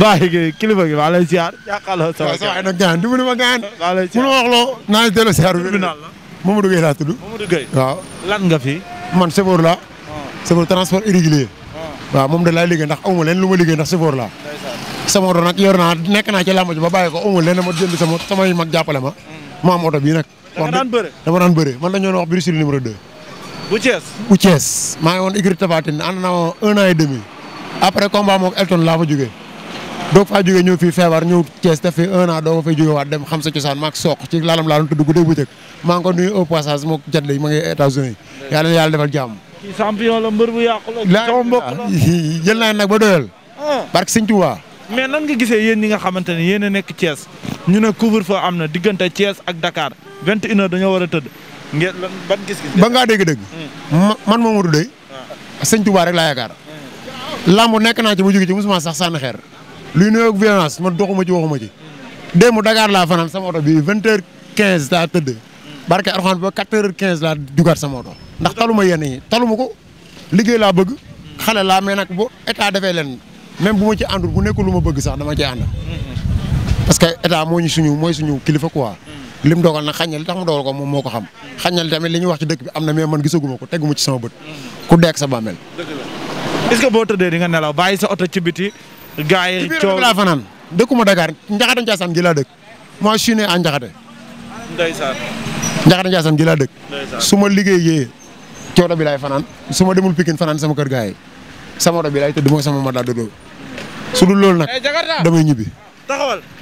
bàyyi gi kilifa gi maa lay ziar jàkkaarloo sama gaay nag gaan du ma gaan maa lay wax loo naa delloo ziar tribunal la Mamadou Gueye laa tudd Mamadou Gueye waaw lan nga fi man chauffeur la ah. chauffeur transport irrégulier ah. waaw moom da laa liggéey ndax amuma leen lu ma liggéey ndax chauffeur laa sama oto nag yor naa nekk naa ci làmb ji ba bàyyi ko amul leen ma jënd sama samay mag jàppale ma hmm. ma am oto bii nag dama daan bëre man dañu wax Brésil numéro 2 bu Thiès bu Thiès maa ngi woon écurie Tapha Tine ànd naa un an et demi après combat mook Elton laa fa jógee doog faa jógee ñëw fii feebar ñëw Thiès def fi un an doo ko fay waat dem xam sa cosaan maag soq ci laalam laalam tudd guddeeg bëccëg maa ngi ko nuyu au passage mook jat lay ma ngi états na yàlla defal jàmm champion la ah. gisee yéen ñi nga xamante ne yéen a nekk Thiès ñu ne couvre-feu am na diggante Thiès ak Dakar vingt une dañoo war a tëdd ngeen ban gis ngaa dégg-dégg hmm. man moom wadu doy ah. sëñ Tuubaa rek laa yaakaar hmm. lamb nekk naa ci bu jóge ci musuma sax sànni xeer luy nuyoo ak violence man doxuma ci waxuma ci. démb Dakar laa fanaan sama oto bi vingt heures quinze laa tëdd. barke Arxaan ba quatre heures quinze laa jugaat sama oto. ndax taluma yenn yi taluma ko liggéey laa bëgg. xale laa mais nag bu état defee leen même bu ma ci àndul bu nekkul lu ma bëgg sax dama ci ànd. parce que état moo suñu mooy suñu kilifa quoi. mu dogal nag na li tax mu dogal ko moom moo ko xam. xañal tamit li ñuy wax ci dëkk bi am na mais man gisaguma ko teguma ci sa bàmmeel. boo tëddee di nga nelaw bàyyi sa oto ci biti gaa yi coow laa fanaan dëkkuma Dakar Ndiakhate Ndiassane gi laa dëkk moi je suis né à Ndiakhate. ndeysaan. Ndiakhate Ndiassane gi laa dëkk. ma liggéeyee coono bi laay fanaan su ma demul Pikine fanaan sama kër gaa yi sama oto bi laay tëdd sama mat laa dëddoo su dul loolu nag eh, damay